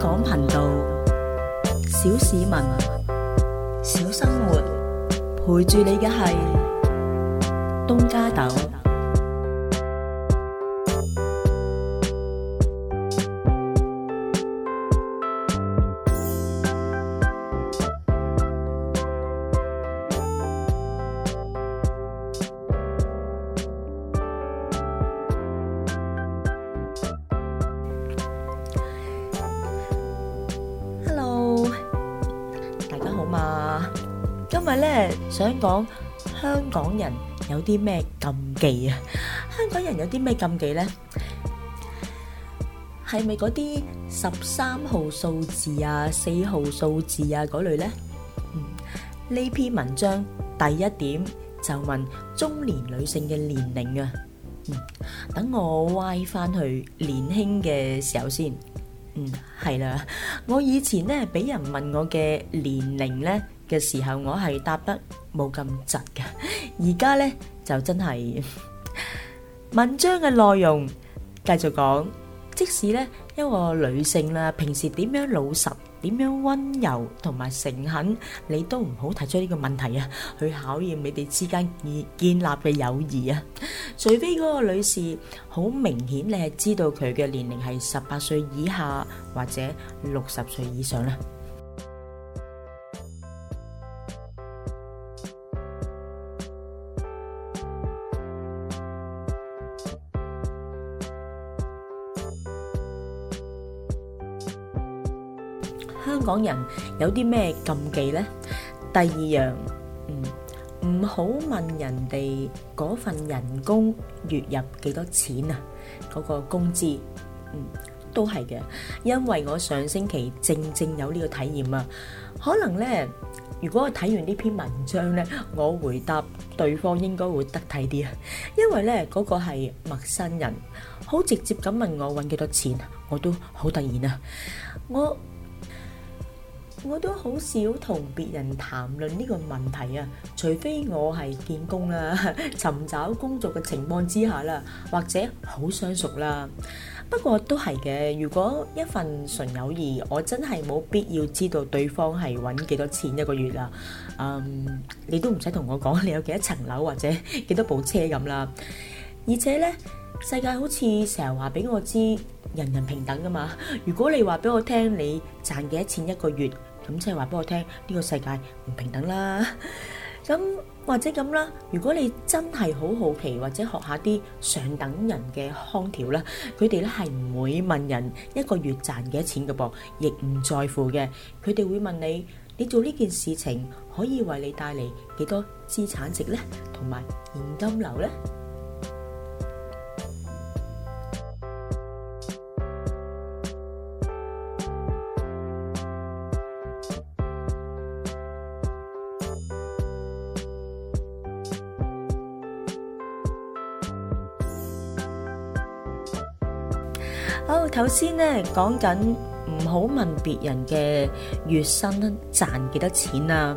港頻道，小市民，小生活，陪住你嘅係東加豆。因為咧想講香港人有啲咩禁忌啊？香港人有啲咩禁忌咧？係咪嗰啲十三號數字啊、四號數字啊嗰類咧？嗯，呢篇文章第一點就問中年女性嘅年齡啊。嗯，等我歪翻去年輕嘅時候先。嗯，係啦，我以前咧俾人問我嘅年齡咧。嘅時候，我係答得冇咁窒㗎。而家呢，就真係 文章嘅內容繼續講。即使呢一個女性啦，啊，平時點樣老實、點樣溫柔同埋誠懇，你都唔好提出呢個問題啊，去考驗你哋之間建立嘅友誼啊。除非嗰個女士好明顯，你係知道佢嘅年齡係十八歲以下或者六十歲以上啦，啊。香港人有啲咩禁忌呢？第二樣，嗯，唔好問人哋嗰份人工月入幾多錢啊。嗰個工資，嗯，都係嘅。因為我上星期正正有呢個體驗啊。可能呢，如果我睇完呢篇文章呢，我回答對方應該會得體啲啊。因為呢，嗰個係陌生人，好直接咁問我搵幾多錢，我都好突然啊。我。我都好少同別人談論呢個問題啊，除非我係見工啦、尋找工作嘅情況之下啦，或者好相熟啦。不過都係嘅，如果一份純友誼，我真係冇必要知道對方係搵幾多錢一個月啦。嗯，你都唔使同我講你有幾多層樓或者幾多部車咁啦。而且呢，世界好似成日話俾我知人人平等噶嘛。如果你話俾我聽你賺幾多錢一個月？咁即係話俾我聽呢個世界唔平等啦，咁或者咁啦。如果你真係好好奇或者學下啲上等人嘅腔調啦，佢哋咧係唔會問人一個月賺幾多錢嘅噃，亦唔在乎嘅。佢哋會問你，你做呢件事情可以為你帶嚟幾多資產值呢，同埋現金流呢？好，頭先咧講緊唔好問別人嘅月薪賺幾多錢啊，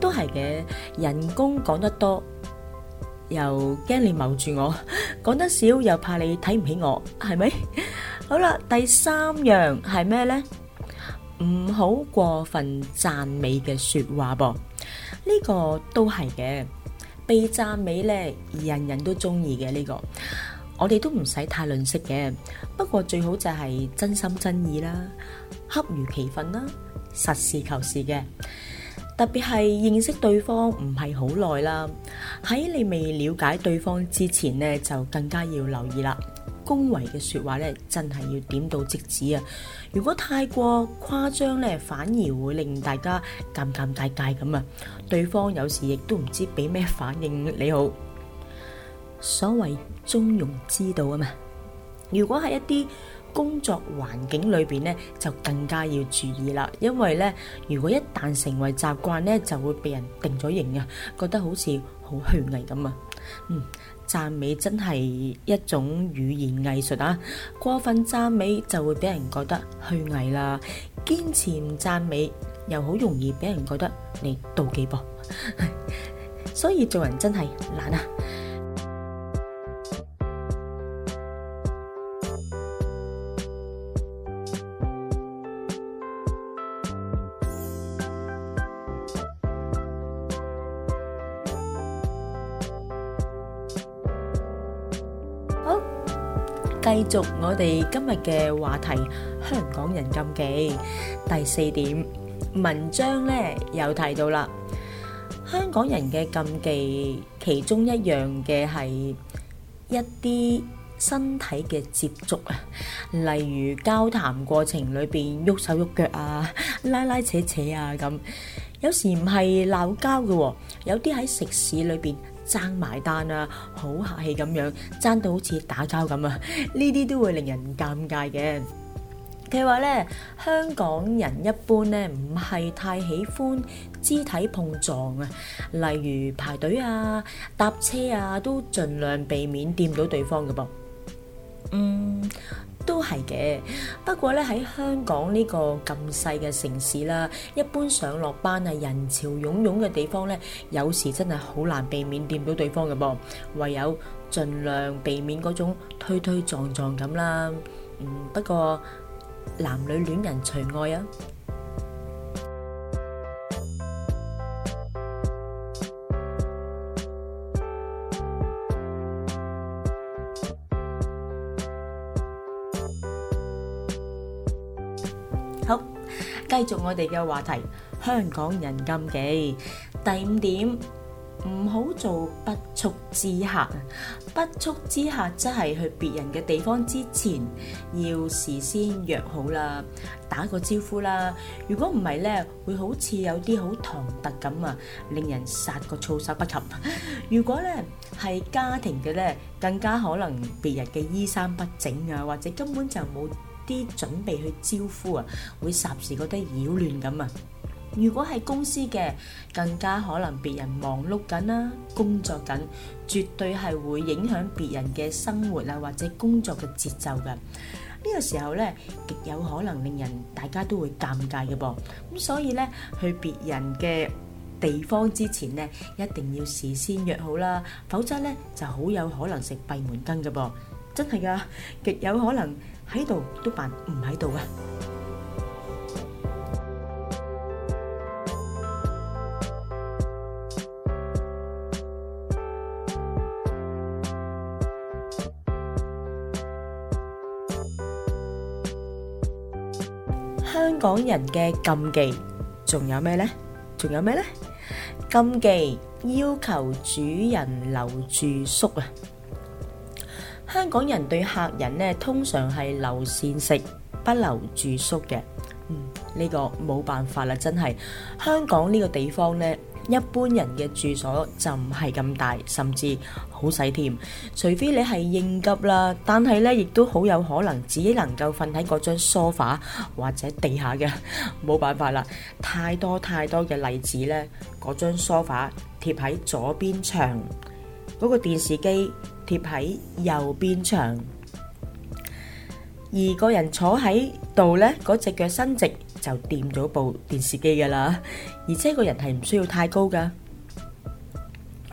都係嘅。人工講得多又驚你謀住我，講得少又怕你睇唔起我，係咪？好啦，第三樣係咩呢？唔好過分讚美嘅說話噃，呢個都係嘅。被讚美咧，人人都中意嘅呢個。我哋都唔使太吝嗇嘅，不過最好就係真心真意啦，恰如其分啦，實事求是嘅。特別係認識對方唔係好耐啦，喺你未了解對方之前咧,就更加要留意啦。恭維嘅說話咧，真係要點到即止啊！如果太過誇張咧，反而會令大家尷尷尬尬咁啊！對方有時亦都唔知俾咩反應，你好。所謂中庸之道啊嘛。如果係一啲工作環境裏邊咧，就更加要注意啦。因為咧，如果一旦成為習慣咧，就會被人定咗型啊，覺得好似好虛偽咁啊。嗯，讚美真係一種語言藝術啊。過分讚美就會俾人覺得虛偽啦。堅持唔讚美又好容易俾人覺得你妒忌噃。 所以做人真係難啊。繼續我哋今日嘅話題，香港人禁忌第四點，文章咧又提到啦，香港人嘅禁忌其中一樣嘅係一啲身體嘅接觸啊，例如交談過程裏邊喐手喐腳啊、拉拉扯扯啊咁，有時唔係鬧交嘅，有啲喺食肆裏邊。爭埋單啊，好客氣咁樣，爭到好似打交咁啊！呢啲都會令人尷尬嘅。佢話咧，香港人一般咧唔係太喜歡肢體碰撞啊，例如排隊啊、搭車啊，都盡量避免掂到對方嘅噃。嗯。都係嘅，不過咧喺香港呢個咁細嘅城市啦，一般上落班啊，人潮湧湧嘅地方咧，有時真係好難避免掂到對方嘅噃，唯有盡量避免嗰種推推撞撞咁啦。嗯，不過男女戀人除外啊。繼續我哋嘅話題，香港人禁忌第五點，唔好做不速之客。不速之客即係去別人嘅地方之前，要事先約好啦，打個招呼啦。如果唔係呢，會好似有啲好唐突咁啊，令人殺個措手不及。如果呢係家庭嘅呢，更加可能別人嘅衣衫不整啊，或者根本就冇。啲準備去招呼啊，會霎時覺得擾亂咁啊。如果係公司嘅，更加可能別人忙碌緊啦，工作緊，絕對係會影響別人嘅生活啊，或者工作嘅節奏㗎。呢個時候呢，極有可能令人大家都會尷尬㗎噃。咁所以呢，去別人嘅地方之前呢，一定要事先約好啦，否則呢就好有可能食閉門羹㗎噃。真係㗎，極有可能。喺度都扮唔喺度啊！香港人嘅禁忌仲有咩咧？仲有咩咧？禁忌要求主人留住宿啊！香港人對客人呢，通常係留膳食，不留住宿嘅。嗯，呢個冇辦法啦，真係香港呢個地方呢，一般人嘅住所就唔係咁大，甚至好細添。除非你係應急啦，但係呢亦都好有可能只能夠瞓喺嗰張梳化或者地下嘅，冇 辦法啦。太多太多嘅例子呢，嗰張梳化貼喺左邊牆，嗰個電視機。貼喺右邊牆，而個人坐喺度呢，嗰隻腳伸直就掂到部電視機噶啦。而且個人係唔需要太高噶，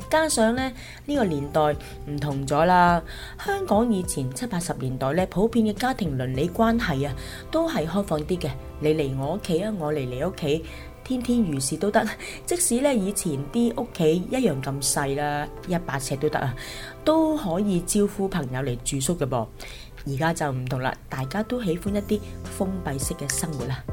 加上呢，呢、呢個年代唔同咗啦。香港以前七八十年代呢，普遍嘅家庭倫理關係啊，都係開放啲嘅。你嚟我屋企啊，我嚟你屋企。天天如是都得，即使咧以前啲屋企一樣咁細啦，一百尺都得啊，都可以招呼朋友嚟住宿嘅噃。而家就唔同啦，大家都喜歡一啲封閉式嘅生活啦。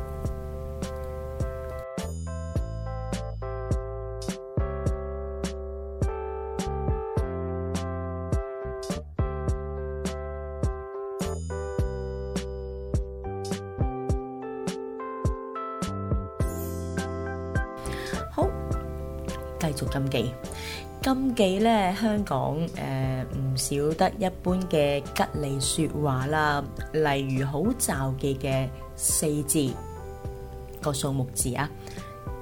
繼續禁忌，禁忌咧香港誒唔少得一般嘅吉利說話啦，例如好罩忌嘅四字個數目字啊，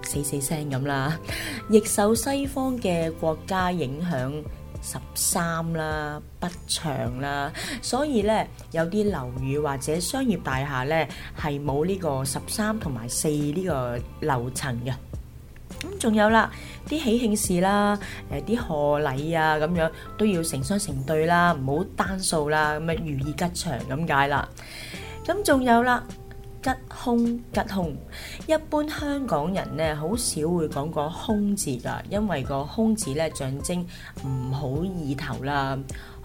死死聲咁啦。亦受西方嘅國家影響，十三啦、不長啦，所以咧有啲樓宇或者商業大廈咧係冇呢個十三同埋四呢個樓層嘅。咁仲有啦，啲喜慶事啦，誒啲賀禮啊咁樣都要成雙成對啦，唔好單數啦，咁樣如意吉祥咁解啦。咁仲有啦，吉凶吉凶，一般香港人咧好少會講個凶字噶，因為個凶字咧象徵唔好意頭啦，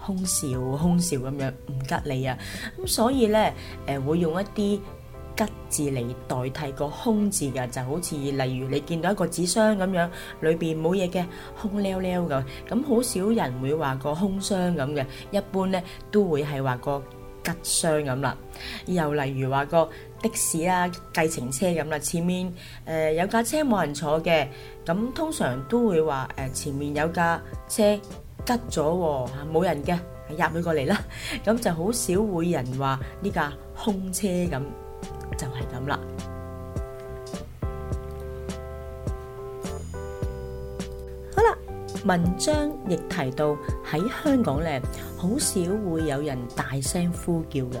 凶兆、凶兆咁樣唔吉利啊。咁所以咧，誒會用一啲吉字嚟代替個空字嘅，就好似例如你見到一個紙箱咁樣，裏邊冇嘢嘅空溜溜咁，咁好少人會話個空箱咁嘅。一般咧都會係話個吉箱咁啦。又例如話個的士呀計程車咁啦，前面誒有架車冇人坐嘅，咁通常都會話誒前面有架車吉咗吓冇人嘅，入佢過嚟啦。咁就好少會人話呢架空車咁。就係咁啦。好啦，文章亦提到，喺香港呢，好少會有人大聲呼叫㗎。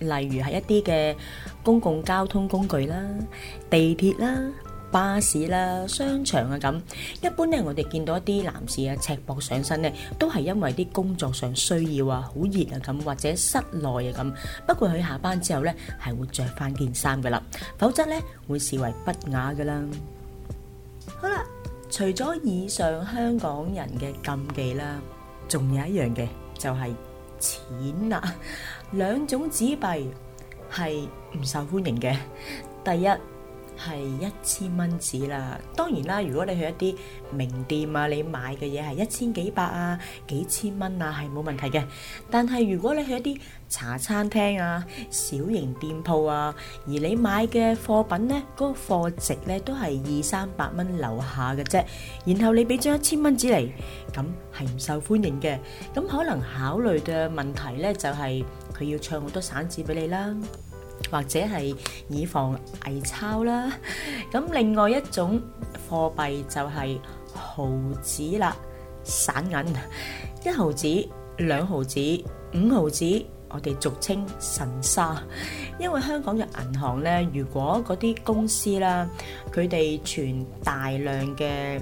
例如係一啲嘅公共交通工具啦、地鐵啦、巴士啦、商場啊咁。一般咧，我哋見到一啲男士啊，赤膊上身咧，都係因為啲工作上需要啊，好熱啊咁，或者室內啊咁。不過佢下班之後咧，係會着翻件衫噶啦，否則咧會視為不雅噶啦。好啦，除咗以上香港人嘅禁忌啦，仲有一樣嘅就係錢啦。兩種紙幣係唔受歡迎嘅。第一，係一千蚊紙啦，當然啦，如果你去一啲名店啊，你買嘅嘢係一千幾百啊，幾千蚊啊，係冇問題嘅。但係如果你去一啲茶餐廳啊、小型店鋪啊，而你買嘅貨品呢，嗰個貨值呢都係二三百蚊樓下嘅啫，然後你俾張一千蚊紙嚟，咁係唔受歡迎嘅。咁可能考慮嘅問題呢，就係佢要唱好多散紙俾你啦。或者係以防偽鈔啦，咁另外一種貨幣就係毫子啦、散銀，一毫子、兩毫子、五毫子，我哋俗稱神沙，因為香港嘅銀行呢，如果嗰啲公司啦，佢哋存大量嘅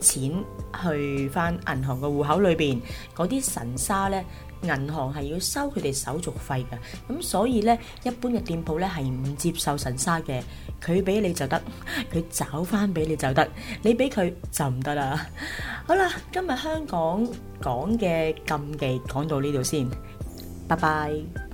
錢去翻銀行嘅戶口裏邊，嗰啲神沙呢。銀行係要收佢哋手續費㗎，咁所以呢，一般嘅店鋪呢係唔接受神沙嘅，佢俾你就得，佢找翻俾你就得，你俾佢就唔得啦。好啦，今日香港講嘅禁忌講到呢度先，拜拜。